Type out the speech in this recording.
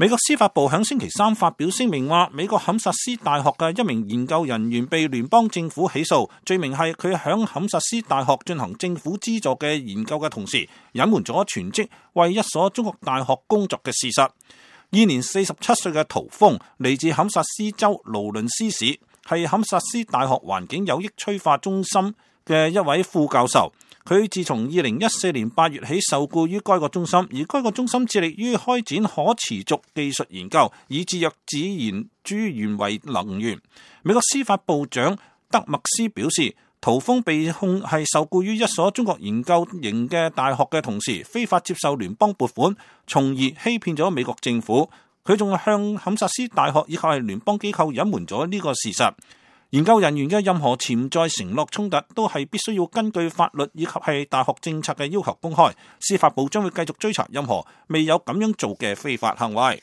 美國司法部喺星期三發表聲明話，美國堪薩斯大學嘅一名研究人員被聯邦政府起訴，罪名係佢喺堪薩斯大學進行政府資助嘅研究嘅同時，隱瞞咗全職為一所中國大學工作嘅事實。現年四十七歲嘅陶峰，嚟自堪薩斯州勞倫斯斯市，係堪薩斯大學環境有益催化中心嘅一位副教授。佢自從二零一四年八月起受雇於該國中心，而該國中心致力於開展可持續技術研究，以節約自然資源為能源。美國司法部長德麥斯表示，陶峰被控係受雇於一所中國研究型嘅大學嘅同時，非法接受聯邦撥款，從而欺騙咗美國政府。佢仲向堪薩斯大學以及係聯邦機構隱瞞咗呢個事實。研究人員嘅任何潛在承諾衝突都係必須要根據法律以及係大學政策嘅要求公開。司法部將會繼續追查任何未有咁樣做嘅非法行為。